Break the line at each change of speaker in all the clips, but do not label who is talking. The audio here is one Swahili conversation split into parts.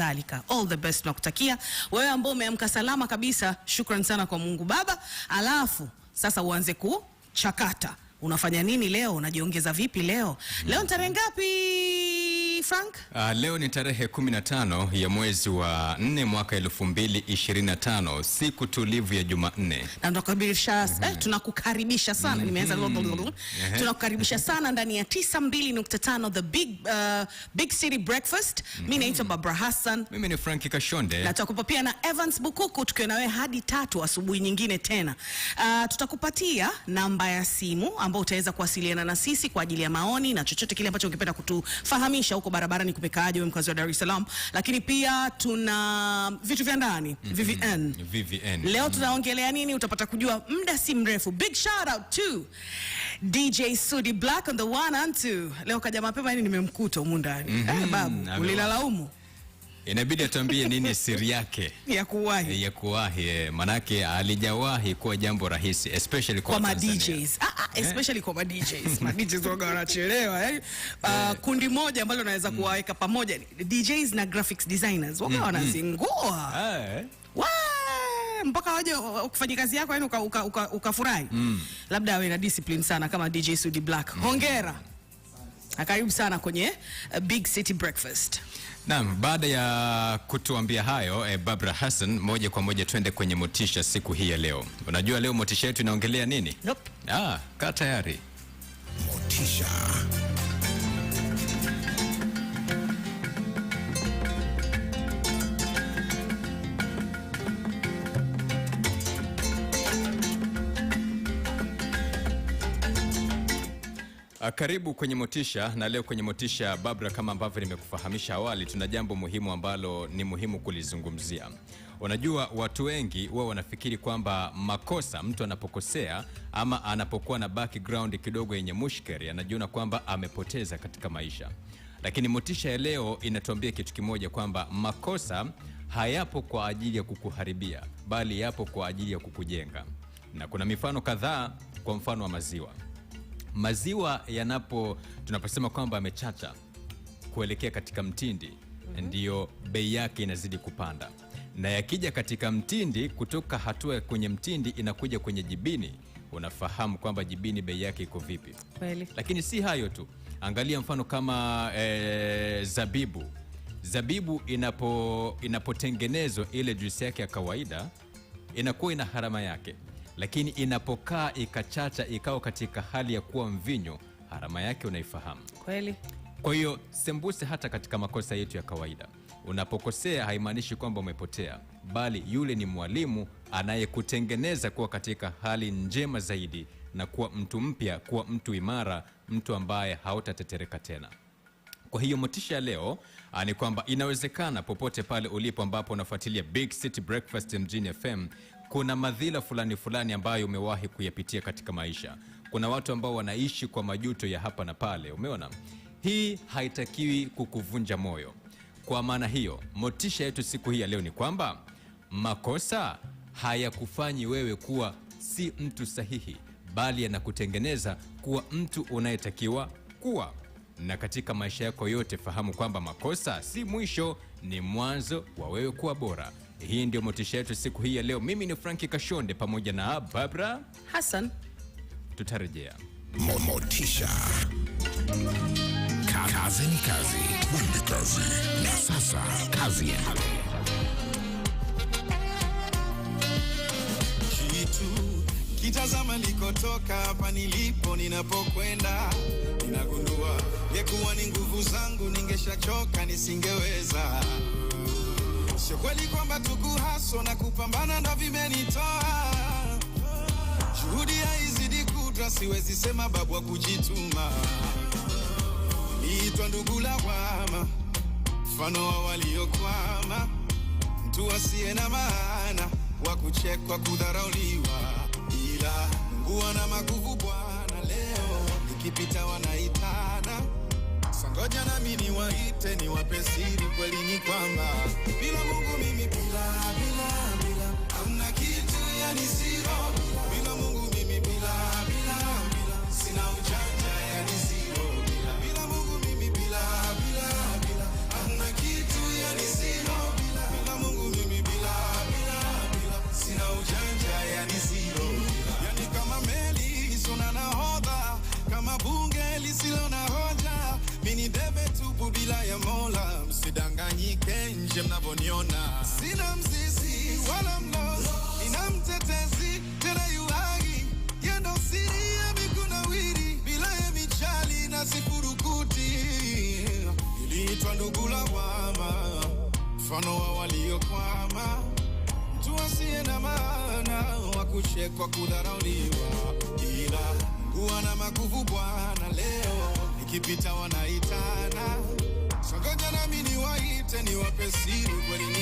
kadhalika. All the best nakutakia wewe ambao umeamka salama kabisa, shukran sana kwa Mungu Baba. Alafu sasa uanze kuchakata, unafanya nini leo, unajiongeza vipi leo? Leo ni tarehe ngapi? Frank?
Uh, leo ni tarehe 15 ya mwezi wa 4 mwaka 2025, siku tulivu ya Jumanne.
Na tunakukaribisha mm -hmm. eh, tunakukaribisha sana mm -hmm. nimeanza mm yeah. tunakukaribisha mhm. sana ndani ya 92.5 the big uh, big city breakfast. Mm -hmm. Mimi mhm. naitwa Barbara Hassan.
Mimi ni Frank Kashonde.
Na tutakupa pia na Evans Bukuku tukiwa na wewe hadi tatu asubuhi nyingine tena. Uh, tutakupatia namba ya simu ambayo utaweza kuwasiliana na sisi kwa ajili ya maoni na chochote kile ambacho ungependa kutufahamisha huko huko barabarani kupekaaje, wewe mkazi wa Dar es Salaam. Lakini pia tuna vitu vya ndani mm -hmm. VVN. VVN. Leo mm-hmm. tunaongelea nini? Utapata kujua muda si mrefu. Big shout out to DJ Sudi Black on the one and two. Leo kaja mapema, yani nimemkuta humu ndani. Eh, mm-hmm. babu, ulilalaumu
inabidi atuambie nini siri yake
ya kuwahi
ya kuwahi, eh, manake alijawahi kuwa jambo rahisi, especially
kwa kwa ma DJs ah, ah, eh? especially eh, kwa ma DJs ma DJs waga wanachelewa eh yani, uh, eh. kundi moja ambalo naweza mm. kuwaweka pamoja DJs na graphics designers waga mm-hmm. wanazingua eh wa mpaka waje uh, uh, kufanya kazi yako yani ukafurahi uka, uka, uka mm. Labda awe na discipline sana kama DJ Sudi Black. mm. Hongera, karibu sana kwenye Big City Breakfast.
Naam, baada ya kutuambia hayo eh, Barbara Hassan, moja kwa moja twende kwenye motisha siku hii ya leo. Unajua leo motisha yetu inaongelea nini? Nope. Ah, kaa tayari. Motisha. Uh, karibu kwenye Motisha na leo kwenye Motisha, Babra, kama ambavyo nimekufahamisha awali, tuna jambo muhimu ambalo ni muhimu kulizungumzia. Unajua, watu wengi huwa wanafikiri kwamba makosa, mtu anapokosea ama anapokuwa na background kidogo yenye mushkeri, anajiona kwamba amepoteza katika maisha, lakini Motisha ya leo inatuambia kitu kimoja, kwamba makosa hayapo kwa ajili ya kukuharibia, bali yapo kwa ajili ya kukujenga, na kuna mifano kadhaa, kwa mfano wa maziwa maziwa yanapo, tunaposema kwamba yamechacha kuelekea katika mtindi mm -hmm. ndiyo bei yake inazidi kupanda, na yakija katika mtindi, kutoka hatua kwenye mtindi inakuja kwenye jibini, unafahamu kwamba jibini bei yake iko vipi. Kweli. Lakini si hayo tu, angalia mfano kama e, zabibu. Zabibu inapo inapotengenezwa ile juisi yake ya kawaida inakuwa ina harama yake lakini inapokaa ikachacha ikawa katika hali ya kuwa mvinyo, harama yake unaifahamu kweli. Kwa hiyo sembuse hata katika makosa yetu ya kawaida, unapokosea haimaanishi kwamba umepotea, bali yule ni mwalimu anayekutengeneza kuwa katika hali njema zaidi na kuwa mtu mpya, kuwa mtu imara, mtu ambaye hautatetereka tena. Kwa hiyo motisha ya leo ah, ni kwamba inawezekana popote pale ulipo ambapo unafuatilia Big City Breakfast Mjini FM, kuna madhila fulani fulani ambayo umewahi kuyapitia katika maisha. Kuna watu ambao wanaishi kwa majuto ya hapa na pale, umeona. Hii haitakiwi kukuvunja moyo. Kwa maana hiyo, motisha yetu siku hii ya leo ni kwamba makosa hayakufanyi wewe kuwa si mtu sahihi, bali yanakutengeneza kuwa mtu unayetakiwa kuwa. Na katika maisha yako yote, fahamu kwamba makosa si mwisho, ni mwanzo wa wewe kuwa bora. Hii ndio motisha yetu siku hii ya leo. Mimi ni Franki Kashonde pamoja na Barbara Hassan, tutarejea
motisha. Kazi ni kazi, bumbi kazi, na sasa kazi ya
kitu kitazama likotoka hapa nilipo, ninapokwenda ninagundua, yekuwa ni nguvu zangu, ningeshachoka nisingeweza Sio kweli kwamba tukuhaso na kupambana ndo vimenitoa. Juhudi haizidi kudra, siwezi sema babu wa kujituma. Niitwa ndugu wama mfano wa waliokwama, mtu asiye na maana wa kuchekwa, kudharauliwa, ila Mungu na maguvu Bwana, leo nikipita wanaita Ngoja nami waite ni siri, kweli ni kwamba bila Mungu mimi bila bila bila hamna kitu yani siro nikipita wanaitana, Songojana mimi niwaite niwape siri kwenye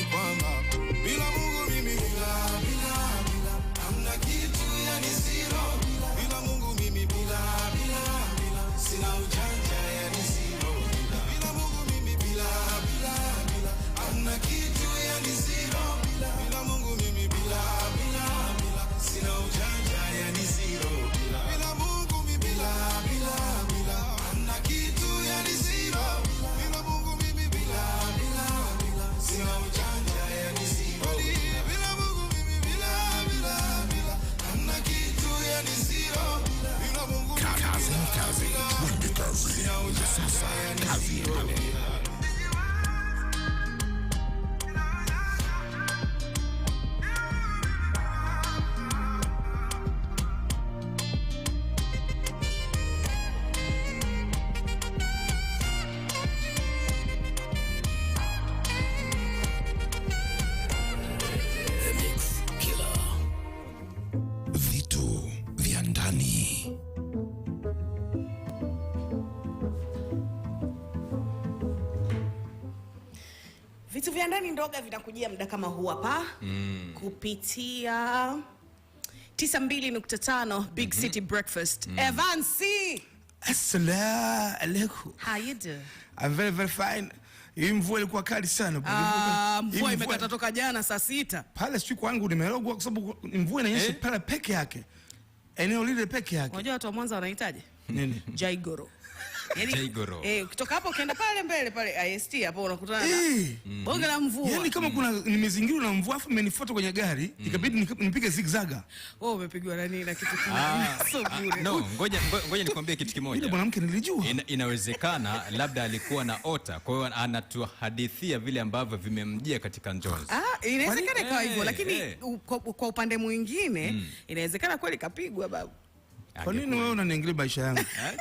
vya ndani ndoga vinakujia muda kama huu hapa mm. kupitia 92.5 Big mm -hmm. City Breakfast mm. Evansi,
assalamu alaikum, how you do? I'm very very fine. Hii mvua ilikuwa kali sana.
Ah, mvua imekata toka jana saa sita
pale, siku yangu nimerogwa kwa sababu mvua inanyesha eh, pale peke yake, eneo lile peke yake.
Unajua watu wa Mwanza wanahitaji nini? Jaigoro yani, eh, kutoka hapo ukienda pale mbele pale IST hapo unakutana eh, na bonge la mvua.
Yani kama mm. kuna nimezingirwa na mvua afu mmenifuata kwenye gari mm. ikabidi nipige zigzaga.
Wewe umepigwa na nini na kitu kingine? Ah.
No, ngoja ngoja nikwambie kitu kimoja.
Yule mwanamke nilijua.
Ina, inawezekana labda alikuwa na ota, kwa hiyo anatuhadithia vile ambavyo vimemjia katika njozi.
Ah, inawezekana ikawa hivyo, eh, lakini eh. kwa upande mwingine mm. inawezekana kweli kapigwa babu.
Kwa nini wewe unaniangalia maisha yangu? Eh?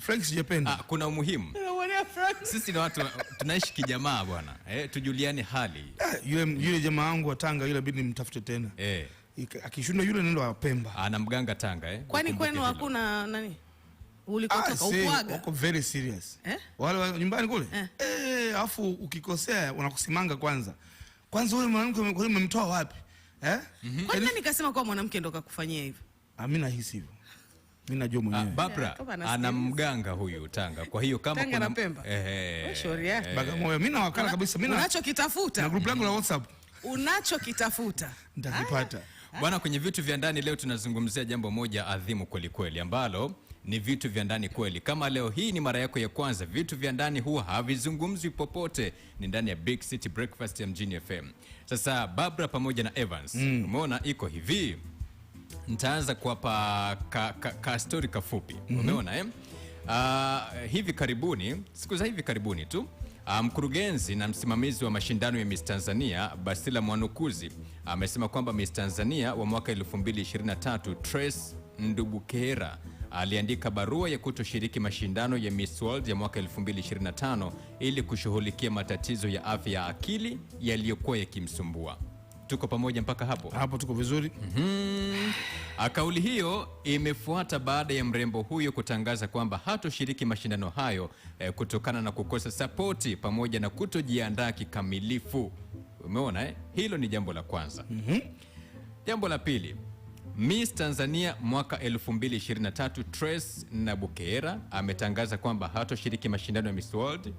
Frank sijapenda. Ah,
kuna umuhimu. Sisi ni watu tunaishi kijamaa bwana. Eh, tujuliane hali.
Ah, yule yule jamaa wangu wa Tanga yule bidi nimtafute tena. Eh. Akishindwa yule nenda wa Pemba.
Ana ah, mganga Tanga eh.
Kwani kwenu hakuna nani? Ulikotoka ah, ukwaga.
Wako very serious. Eh? Wale nyumbani kule? Eh, eh afu ukikosea unakusimanga kwanza. Kwanza wewe mwanamke umemtoa wapi? Eh?
Mm -hmm. Kwani yaani nani kasema kwa mwanamke ndo kakufanyia hivyo?
Amina ah, hisi hivyo. Mimi najua mwenyewe. Ah,
Babra ana mganga huyu Tanga. Kwa hiyo kama
Tanga kuna na Pemba.
Eh.
Shauri yake.
Bagamoyo. Mimi nawakala kabisa. Mimi
unachokitafuta. Na
group langu la WhatsApp.
Unachokitafuta.
Nitakipata.
Bwana, kwenye vitu vya ndani leo tunazungumzia jambo moja adhimu kweli kweli ambalo ni vitu vya ndani kweli. Kama leo hii ni mara yako ya kwanza, vitu vya ndani huwa havizungumzwi popote, ni ndani ya Big City Breakfast ya Mjini FM. Sasa Babra pamoja na Evans, mm. Umeona iko hivi nitaanza kuwapa ka, ka, ka story kafupi mm-hmm. Umeona eh? Uh, hivi karibuni, siku za hivi karibuni tu uh, mkurugenzi na msimamizi wa mashindano ya Miss Tanzania Basila Mwanukuzi amesema uh, kwamba Miss Tanzania wa mwaka 2023 Trace Ndubukera aliandika barua ya kutoshiriki mashindano ya Miss World ya mwaka 2025 ili kushughulikia matatizo ya afya ya akili yaliyokuwa yakimsumbua. Tuko pamoja mpaka hapo
hapo, tuko vizuri
mm -hmm. Kauli hiyo imefuata baada ya mrembo huyo kutangaza kwamba hatoshiriki mashindano hayo eh, kutokana na kukosa sapoti pamoja na kutojiandaa kikamilifu. Umeona eh? Hilo ni jambo la kwanza mm -hmm. Jambo la pili, Miss Tanzania mwaka 2023 Trace nabukera ametangaza kwamba hatoshiriki mashindano ya Miss World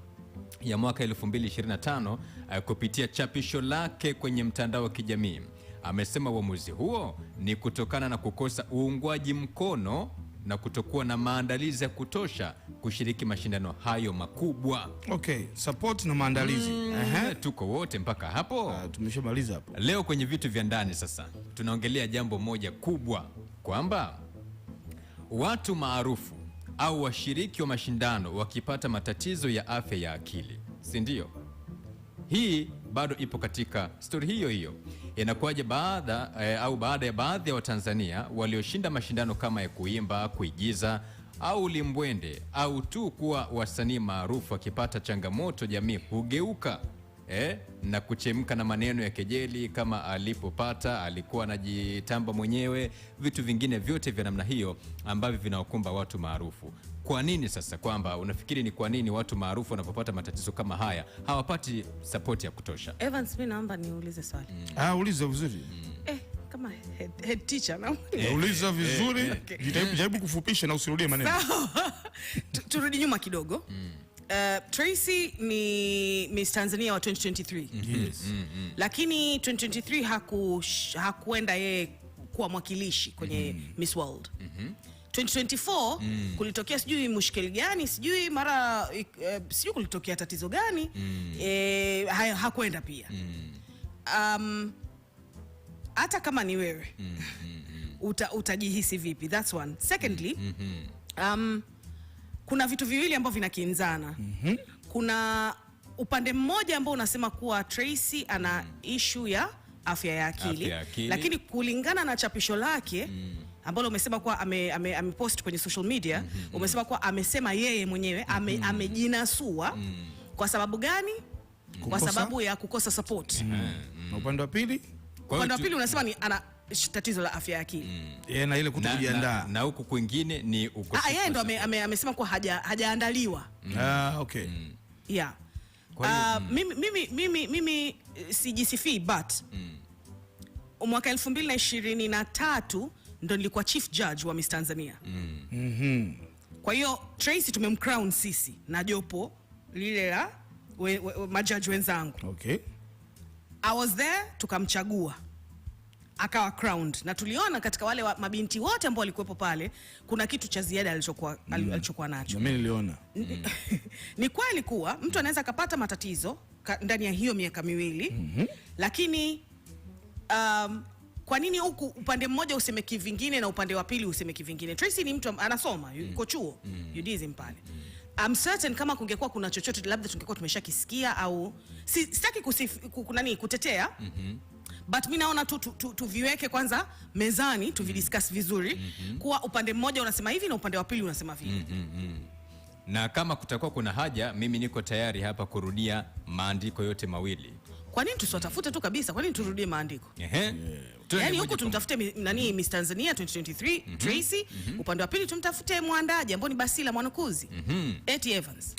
ya mwaka 2025 eh, kupitia chapisho lake kwenye mtandao wa kijamii. Amesema uamuzi huo ni kutokana na kukosa uungwaji mkono na kutokuwa na maandalizi ya kutosha kushiriki mashindano hayo makubwa.
Okay, support na maandalizi. Mm,
uh-huh. Tuko wote mpaka hapo. Uh,
tumeshamaliza hapo.
Leo kwenye vitu vya ndani sasa tunaongelea jambo moja kubwa kwamba watu maarufu au washiriki wa mashindano wakipata matatizo ya afya ya akili, si ndio? Hii bado ipo katika stori hiyo hiyo. Inakuwaje baada e, eh, au baada ya baadhi ya Watanzania walioshinda mashindano kama ya kuimba, kuigiza au limbwende au tu kuwa wasanii maarufu wakipata changamoto, jamii hugeuka eh, na kuchemka na maneno ya kejeli kama alipopata alikuwa anajitamba mwenyewe, vitu vingine vyote vya namna hiyo ambavyo vinawakumba watu maarufu. Kwa nini sasa, kwamba unafikiri ni kwa nini watu maarufu wanapopata matatizo kama haya hawapati sapoti ya kutosha?
Evans, mimi naomba niulize swali. Mm.
Ah, ulize vizuri. Mm.
Eh, kama head, head teacher na
Eh, uliza eh, vizuri, eh, okay. Eh. jaribu kufupisha na usirudie maneno. Sawa.
Turudi nyuma kidogo. Mm uh, Tracy ni Miss Tanzania wa 2023
mhm. yes. mm -hmm.
Lakini 2023 haku, hakuenda yeye kuwa mwakilishi kwenye mm -hmm. Miss World mm -hmm. 2024 mm. Kulitokea sijui mushkeli gani sijui mara uh, sijui kulitokea tatizo gani mm. E, eh, ha, hakwenda pia mm. Um, hata kama ni wewe mm. mm, mm. uta, utajihisi vipi? That's one. Secondly mm -hmm. um, kuna vitu viwili ambavyo vinakinzana. mm -hmm. Kuna upande mmoja ambao unasema kuwa Tracy ana ishu ya afya ya akili, lakini kulingana na chapisho lake mm ambalo umesema kuwa amepost ame, ame kwenye social media mm -hmm. Umesema kuwa amesema yeye mwenyewe mhm. ame, amejinasua mm -hmm. Kwa sababu gani? Kukosa? Kwa sababu ya kukosa support eh,
mm
-hmm. Upande wa pili,
upande wa pili unasema ni ana tatizo la afya ya akili mm.
yeah, na ile kutojiandaa
na huku kwingine ni
Ah, yeye ndo amesema kuwa hajaandaliwa.
Mm. Ah, okay. Mm.
Yeah. Uh, mm. mimi, mimi, mimi, mimi eh, sijisifii but mm. mwaka 2023 ndo nilikuwa chief judge wa Miss Tanzania
mm.
mm -hmm.
kwa hiyo Tracy tumemcrown sisi na jopo lile la we, we, majaji wenzangu okay. I was there tukamchagua akawa crowned na tuliona katika wale wa, mabinti wote ambao walikuwepo pale kuna kitu cha ziada alichokuwa mm. alichokuwa nacho.
Mimi niliona mm.
ni kweli kuwa mtu anaweza akapata matatizo ka, ndani ya hiyo miaka miwili mm -hmm. lakini um, kwa nini huku upande mmoja useme kivingine na upande wa pili useme kivingine? Tracy ni mtu anasoma, mm. yuko chuo mm. UDSM pale mm. I'm certain kama kungekuwa kuna chochote labda tungekuwa tumeshakisikia au sitaki kusif, kunani kutetea mm -hmm but mi naona tu tuviweke tu, tu kwanza mezani tuvidiscuss mm-hmm. vizuri mm -hmm. kuwa upande mmoja unasema hivi na upande wa pili unasema vile
mm -hmm na kama kutakuwa kuna haja, mimi niko tayari hapa kurudia maandiko yote mawili.
Kwa nini tusiwatafute tu kabisa? Kwa nini turudie maandiko? yeah. yani huku tumtafute nani, mm-hmm. Miss Tanzania 2023 mm-hmm. Tracy, upande wa pili tumtafute mwandaji ambao ni Basila Mwanukuzi, Eti Evans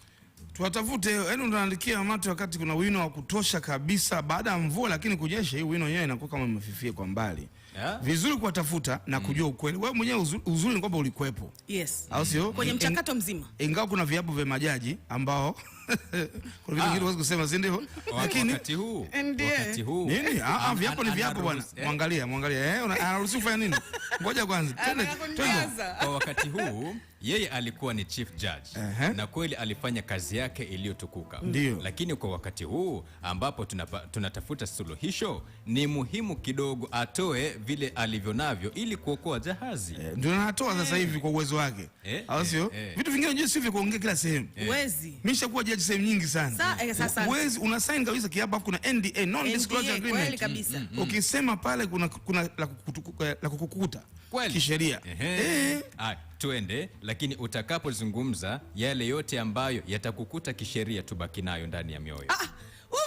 tuwatafute, yaani unaandikia mate wakati kuna wino wa kutosha kabisa baada ya mvua, lakini kunyesha hii wino yenyewe inakuwa kama imefifia kwa mbali yeah. Vizuri kuwatafuta na mm. kujua mm. ukweli. Wewe mwenyewe uzuri ni kwamba ulikuwepo, yes, au sio?
Kwenye mchakato mzima,
ingawa kuna viapo vya majaji ambao kwa vile vingine ah. huwezi kusema, si ndio?
Lakini wakati huu,
wakati huu nini? Ah, ah viapo ni viapo bwana, mwangalia mwangalia, eh, eh anaruhusiwa kufanya nini? Ngoja kwanza,
twende twende.
Kwa wakati huu yeye alikuwa ni chief judge uh-huh. Na kweli alifanya kazi yake iliyotukuka ndio, lakini kwa wakati huu ambapo tunatafuta tuna suluhisho, ni muhimu kidogo atoe vile alivyonavyo ili kuokoa jahazi eh,
ndio anatoa sasa hivi kwa uwezo wake eh, au sio? Eh, eh. Vitu vingine sio vya kuongea kila sehemu
eh. Mimi
nishakuwa jaji unaitaji sehemu nyingi sana. Sasa eh, Huwezi una sign kabisa kiapo kuna NDA, non disclosure agreement. Mm, mm, mm. Ukisema pale kuna kuna la eh, kukukuta kisheria.
Eh. Tuende, lakini utakapozungumza yale yote ambayo yatakukuta kisheria tubaki nayo ndani ya mioyo.
Ah,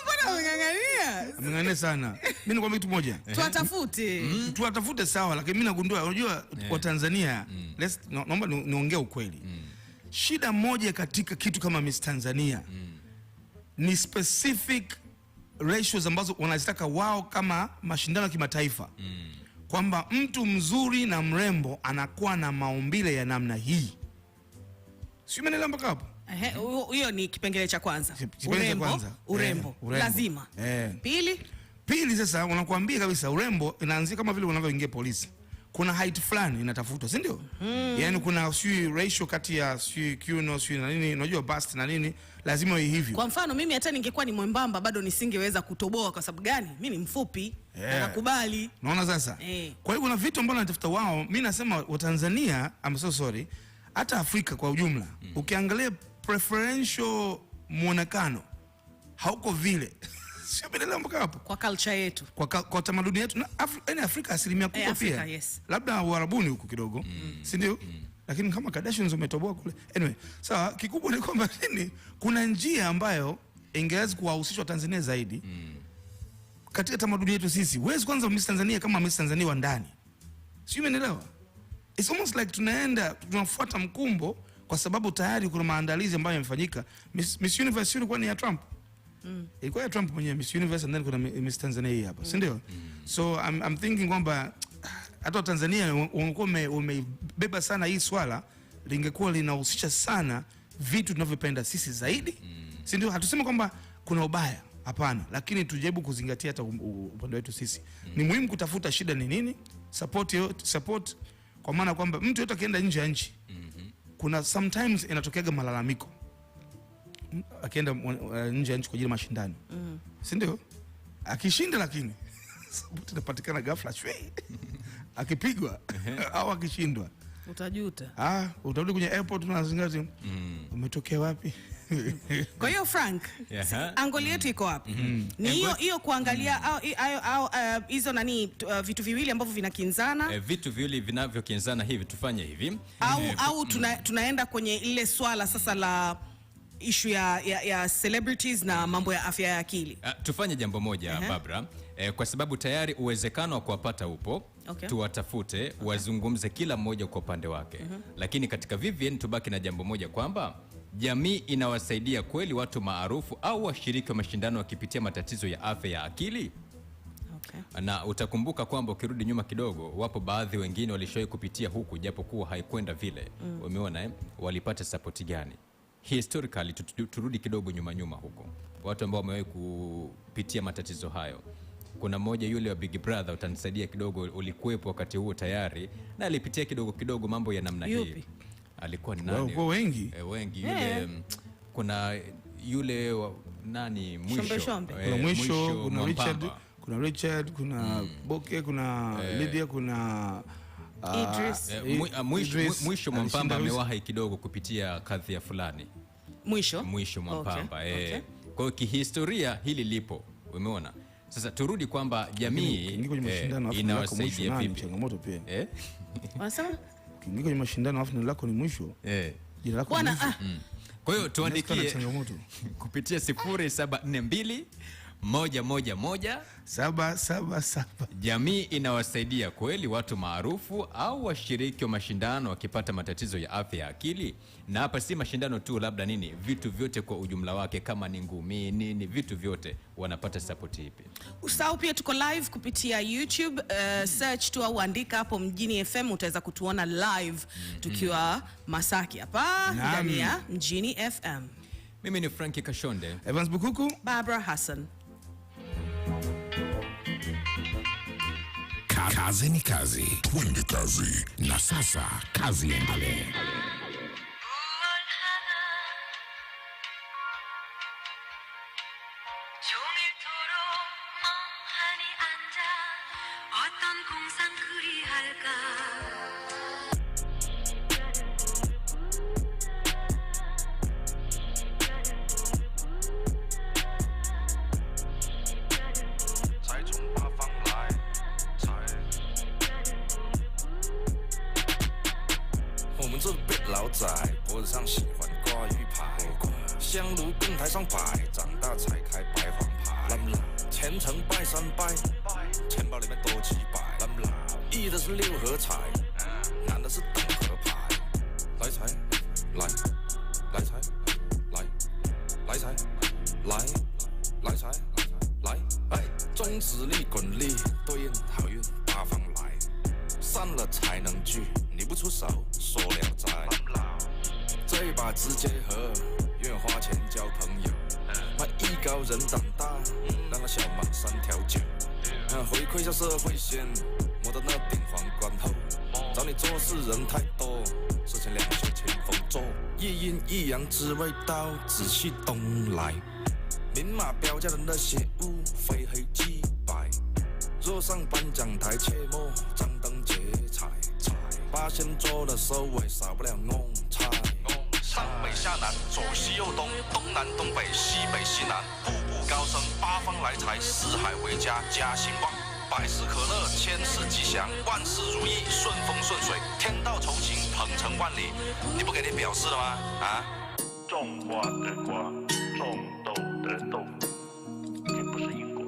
mbona unang'ang'ania?
Unang'ang'ania sana. Mimi nikwambia kitu moja.
Tuatafute.
Mm. Tuwatafute sawa, lakini mimi nagundua unajua yeah. Tanzania mm. Let's naomba no, niongee ukweli. Mm. Shida moja katika kitu kama Miss Tanzania mm. ni specific ratios ambazo wanazitaka wao kama mashindano ya kimataifa mm. kwamba mtu mzuri na mrembo anakuwa na maumbile ya namna hii, si umeelewa mpaka hapo?
Hiyo ni kipengele cha kwanza, cha kwanza. Urembo. Eh, urembo lazima eh. Pili
pili, sasa wanakuambia kabisa urembo inaanzia kama vile unavyoingia polisi kuna height fulani inatafutwa, si ndio? Mm. Yaani kuna sijui ratio kati ya sijui kiuno sijui na nini, unajua bust na nini, lazima iwe hivyo.
Kwa mfano mimi hata ningekuwa ni mwembamba bado nisingeweza kutoboa. Kwa sababu gani? Mimi ni mfupi. Yeah. Nakubali. Unaona sasa. Eh.
Kwa hiyo kuna vitu ambavyo wanatafuta wao. Mimi nasema Watanzania, I'm so sorry, hata Afrika kwa ujumla, mm. Ukiangalia preferential muonekano hauko vile sio pendeleo mpaka hapo,
kwa culture yetu,
kwa, kwa tamaduni yetu na Afri, yani Afrika asilimia kubwa hey, eh, pia yes. labda Uarabuni huko kidogo mm. mm. si ndio mm. lakini kama Kardashians umetoboa kule anyway. Sawa, kikubwa ni kwamba nini, kuna njia ambayo ingeweza kuwahusisha Tanzania zaidi mm. katika tamaduni yetu sisi. Wewe kwanza Miss Tanzania kama Miss Tanzania wa ndani, sio umeelewa? It's almost like tunaenda tunafuata mkumbo, kwa sababu tayari kuna maandalizi ambayo yamefanyika. Miss, Miss Universe ilikuwa ni ya Trump mm. ilikuwa ya Trump mwenyewe Miss Universe and then kuna Miss Tanzania hii hapa, si ndio? Mm. So I'm, I'm thinking kwamba hata Tanzania wamekuwa umebeba sana hii swala, lingekuwa linahusisha sana vitu tunavyopenda sisi zaidi mm. si ndio? Hatusema kwamba kuna ubaya, hapana, lakini tujaribu kuzingatia hata upande wetu sisi mm. ni muhimu kutafuta shida ni nini, support support, kwa maana kwamba mtu yote akienda nje ya nchi mm -hmm. kuna sometimes inatokeaga malalamiko akienda uh, nje ya nchi kwa ajili ya mashindano mm. si ndio? Akishinda lakini sabuti inapatikana ghafla shwei akipigwa au akishindwa
utajuta.
Ah, utarudi kwenye airport zingazi mm. umetokea wapi?
Kwa hiyo Frank, yeah. angoli yetu iko wapi? mm Ni hiyo hiyo kuangalia mm-hmm. uh, hizo uh, nani uh, vitu viwili ambavyo vinakinzana eh,
vitu viwili vinavyokinzana hivi tufanye hivi
au, eh, au mm. tuna, tunaenda kwenye ile swala sasa la ishu ya, ya, ya celebrities na mambo ya afya ya akili.
Uh, tufanye jambo moja uh -huh. Babra eh, kwa sababu tayari uwezekano wa kuwapata upo okay. Tuwatafute okay. Wazungumze kila mmoja kwa upande wake uh mhm. -huh. Lakini katika VVN tubaki na jambo moja kwamba jamii inawasaidia kweli watu maarufu au washiriki wa mashindano wakipitia matatizo ya afya ya akili? Okay. Na utakumbuka kwamba ukirudi nyuma kidogo, wapo baadhi wengine walishawahi kupitia huku, japokuwa haikwenda vile mm. Umeona eh? Walipata sapoti gani? historically turudi kidogo nyuma nyuma huko, watu ambao wamewahi kupitia matatizo hayo. Kuna mmoja yule wa Big Brother, utanisaidia kidogo, ulikuwepo wakati huo tayari na alipitia kidogo kidogo mambo ya namna hii. Alikuwa ni nani? Wao wengi e, wengi eh. yule mm, Kuna yule wa, nani
mwisho shombe, shombe.
E, mwisho kuna Richard, kuna Richard kuna mm. Boke kuna e. Lydia kuna
Ah,
eh, ah, mwisho Mwampamba amewahi kidogo kupitia ya fulani. Mwisho mwisho Mwampamba okay. Eh, okay. Kwa hiyo kihistoria hili lipo, umeona. Sasa turudi kwamba jamii
eh, inawasaidia vipi? Changamoto pia
eh,
wanasema
kingi kwenye mashindano afu neno lako ni mwisho eh, jina lako
ni mwisho. Mm.
Kwa hiyo tuandikie kupitia 0742 moja moja moja
saba saba saba.
Jamii inawasaidia kweli watu maarufu au washiriki wa mashindano wakipata matatizo ya afya ya akili? Na hapa si mashindano tu, labda nini, vitu vyote kwa ujumla wake, kama ni ngumi nini, vitu vyote wanapata support ipi?
Usahau pia tuko live kupitia YouTube. Uh, search tu au andika hapo Mjini FM utaweza kutuona live tukiwa Masaki hapa ndani ya Mjini FM.
Mimi ni Frankie Kashonde,
Evans Bukuku,
Barbara Hassan.
Kazi ni kazi, twende kazi. Na sasa kazi endelee. 来，来财，来，来财，来，来财，来，哎，中指力滚力，对应好运八方来，散了才能聚，你不出手，说了斋。这一把直接和，愿花钱交朋友，那艺高人胆大，那个小马三条酒，回馈下社会先，摸到那顶皇冠后，找你做事人太多，事情两。一阴一阳之谓道，紫气东来。明码标价的那些物，非黑即白。若上颁奖台，切莫张灯结彩。八仙桌的收尾，少不了弄菜。上北下南，左西右东，东南东北西北西南，步步高升，八方来财，四海为家，家兴旺。百事可乐，千事吉祥，万事如意，顺风顺水，天道酬勤，鹏程万里。你不给你表示了吗？啊！种瓜得瓜，种豆得豆，这不是因果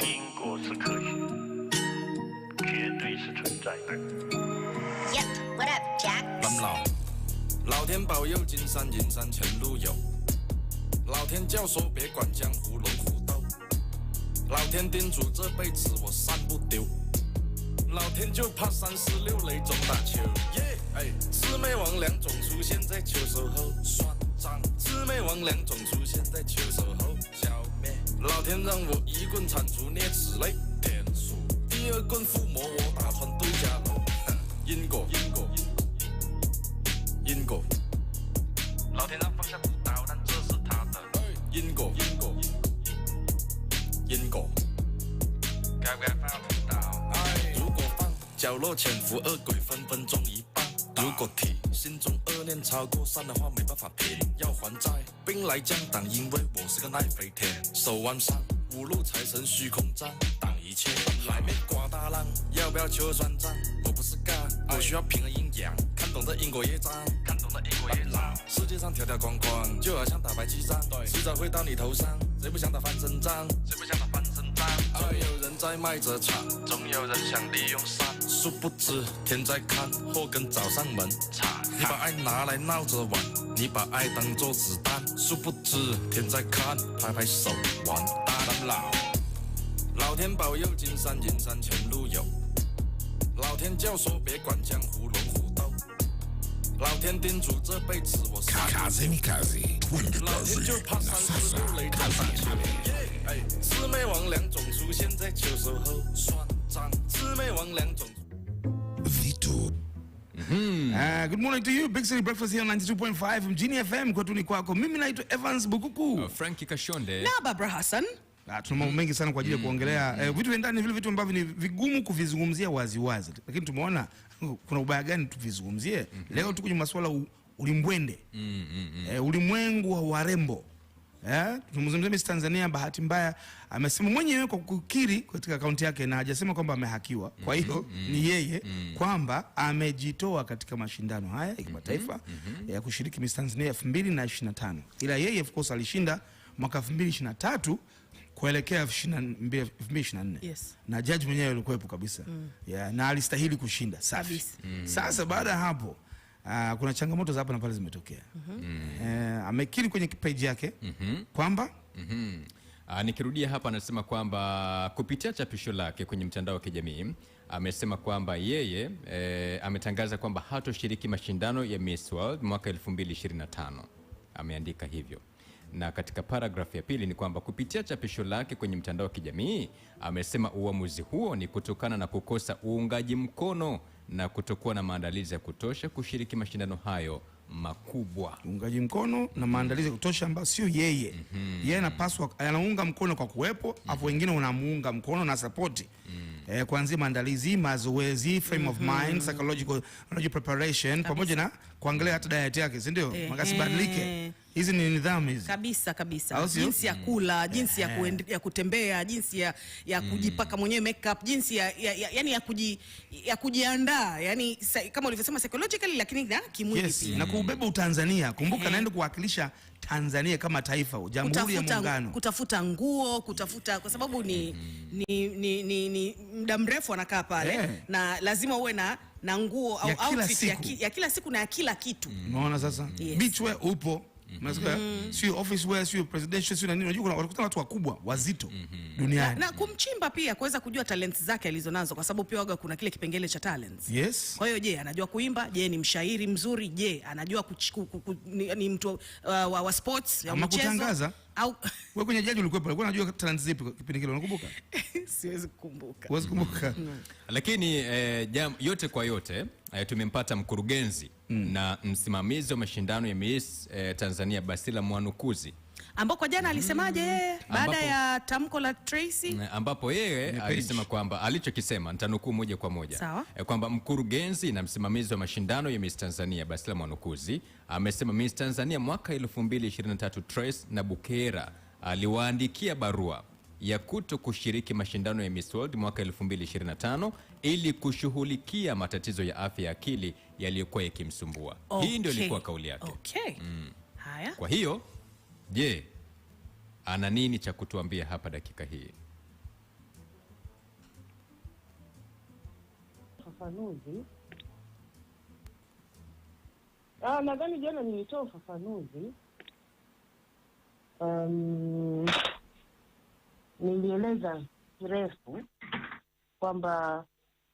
因果是科学，绝对是存在的。Yep, what up, Jack? 老老，老天保佑，金山银山前路有。老天教唆，别管江湖龙。虎。老天叮嘱这辈子我善不丢，老天就怕三十六雷总打秋。哎，魑魅魍魉总出现在秋收后，算账。魑魅魍魉总出现在秋收后消灭。老天让我一棍铲除啮齿类田鼠，第二棍附魔我打穿对家。楼。因果，因果，因果。老天让放下屠刀，但这是他的因果。因果。如果放角落潜伏恶鬼，分分钟一棒。如果提，心中恶念超过善的话，没办法平。要还债，兵来将挡，因为我是个耐飞天。手腕上五路财神虚空掌，挡一切。来面刮大浪，要不要求算账？我不是干，我需要平衡阴阳，看懂这因果业障。看懂这因果业障。世界上条条框框，就好像打牌机战，迟早会到你头上。谁不想打翻身仗？谁不想打翻身仗？总有人在卖着场，总有人想利用上。殊不知天在看，祸根找上门。你把爱拿来闹着玩，你把爱当作子弹。殊不知天在看，拍拍手完蛋了。老天保佑，金山银山前路有。老天教唆，别管江湖龙虎斗。老天叮嘱，这辈子我卡卡卡 Mm-hmm.
Ah, good morning to you. Big City Breakfast here on 92.5 mjini FM Kwa kwetu ni kwako. Mimi naitwa Evans Bukuku. Uh,
Frankie Kashonde. Na
Barbara Hassan.
Ah, tuna mambo mengi sana kwa ajili ya mm. kuongelea mm. Eh, mm. vitu vya ndani vile vitu ambavyo ni vigumu kuvizungumzia waziwazi wazi. Lakini tumeona kuna ubaya gani tuvizungumzie? mm -hmm. Leo tuko kwenye masuala ulimbwende mm, mm, mm. E, ulimwengu wa warembo Yeah, tumzungumzie Miss Tanzania bahati mbaya amesema mwenyewe kwa kukiri katika akaunti yake na hajasema kwamba amehakiwa. Kwa hiyo mm -hmm, ni yeye mm -hmm, kwamba amejitoa katika mashindano haya ya kimataifa mm -hmm, ya kushiriki Miss Tanzania 2025. Ila yeye of course alishinda mwaka 2023 kuelekea 2024. Yes. Na judge mwenyewe alikuwepo kabisa. Mm. Yeah, na alistahili kushinda. Safi. Mm. Sasa baada ya hapo Uh, kuna changamoto za hapa na pale zimetokea. mm -hmm. Uh, amekiri kwenye page yake mm -hmm. kwamba mm -hmm. Uh, nikirudia hapa anasema kwamba kupitia chapisho lake kwenye mtandao wa kijamii amesema kwamba yeye e, ametangaza kwamba hatoshiriki mashindano ya Miss World mwaka 2025. Ameandika hivyo na katika paragrafu ya pili ni kwamba kupitia chapisho lake kwenye mtandao wa kijamii amesema uamuzi huo ni kutokana na kukosa uungaji mkono na kutokuwa na maandalizi ya kutosha kushiriki mashindano hayo makubwa. Uungaji mkono na maandalizi ya kutosha ambayo sio yeye. Mm -hmm. Yeye anapaswa anaunga mkono kwa kuwepo, mm -hmm. afu wengine unamuunga mkono na sapoti mm. eh, kuanzia maandalizi, mazoezi, frame mm -hmm. of mm-hmm. mind, psychological, psychological preparation pamoja na kuangalia hata diet yake, si ndio? Eh, badilike eh. hizi ni nidhamu hizi kabisa kabisa, jinsi ya mm. kula, jinsi ya, kuend, ya kutembea, jinsi ya, ya mm. kujipaka mwenyewe makeup, jinsi ya, ya, ya, yani ya, kuji, ya kujiandaa yani sa, kama ulivyosema psychologically, lakini na kimwili yes. pia na kuubeba Utanzania. Kumbuka naenda kuwakilisha Tanzania kama taifa, Jamhuri ya Muungano, kutafuta nguo, kutafuta kwa sababu ni, mm. ni, ni, ni, ni muda mrefu anakaa pale yeah. na lazima uwe na na nguo au outfit ya, ya, ya kila siku na ya kila kitu. Mm. Unaona sasa? Yes. Beachwear upo Mhm. unasikia mm sio office wear sio presidential sio nini, unajua wanakutana watu wakubwa wazito mm -hmm. duniani na, na kumchimba pia kuweza kujua talents zake alizonazo, kwa sababu pia waga kuna kile kipengele cha talents. Yes. Kwa hiyo je, anajua kuimba? Je, ni mshairi mzuri? Je, anajua kuchiku, kuku, ni, ni mtu uh, wa, wa sports ya mchezo kutangaza au wewe kwenye jaji ulikuwa ulikuwa unajua talents zipi kipindi kile, unakumbuka? Siwezi kukumbuka. Huwezi kukumbuka. Mm. Lakini eh, jam, yote kwa yote eh, tumempata mkurugenzi mm. na msimamizi wa mashindano ya Miss eh, Tanzania Basila Mwanukuzi ambapo jana alisemaje yeye mm. baada ya tamko la Tracy, eh, ambapo yeye alisema kwamba alichokisema nitanukuu moja kwa moja e, kwamba mkurugenzi na msimamizi wa mashindano ya Miss Tanzania Basila Mwanukuzi amesema Miss Tanzania mwaka 2023 Trace na Bukera aliwaandikia barua ya kuto kushiriki mashindano ya Miss World mwaka 2025 ili kushughulikia matatizo ya afya ya akili yaliyokuwa yakimsumbua. Okay. Hii ndio ilikuwa kauli yake. Okay. Mm. Haya. Kwa hiyo je, ana nini cha kutuambia hapa dakika hii? Ah, nadhani jana nilitoa ufafanuzi. Um, nilieleza kirefu kwamba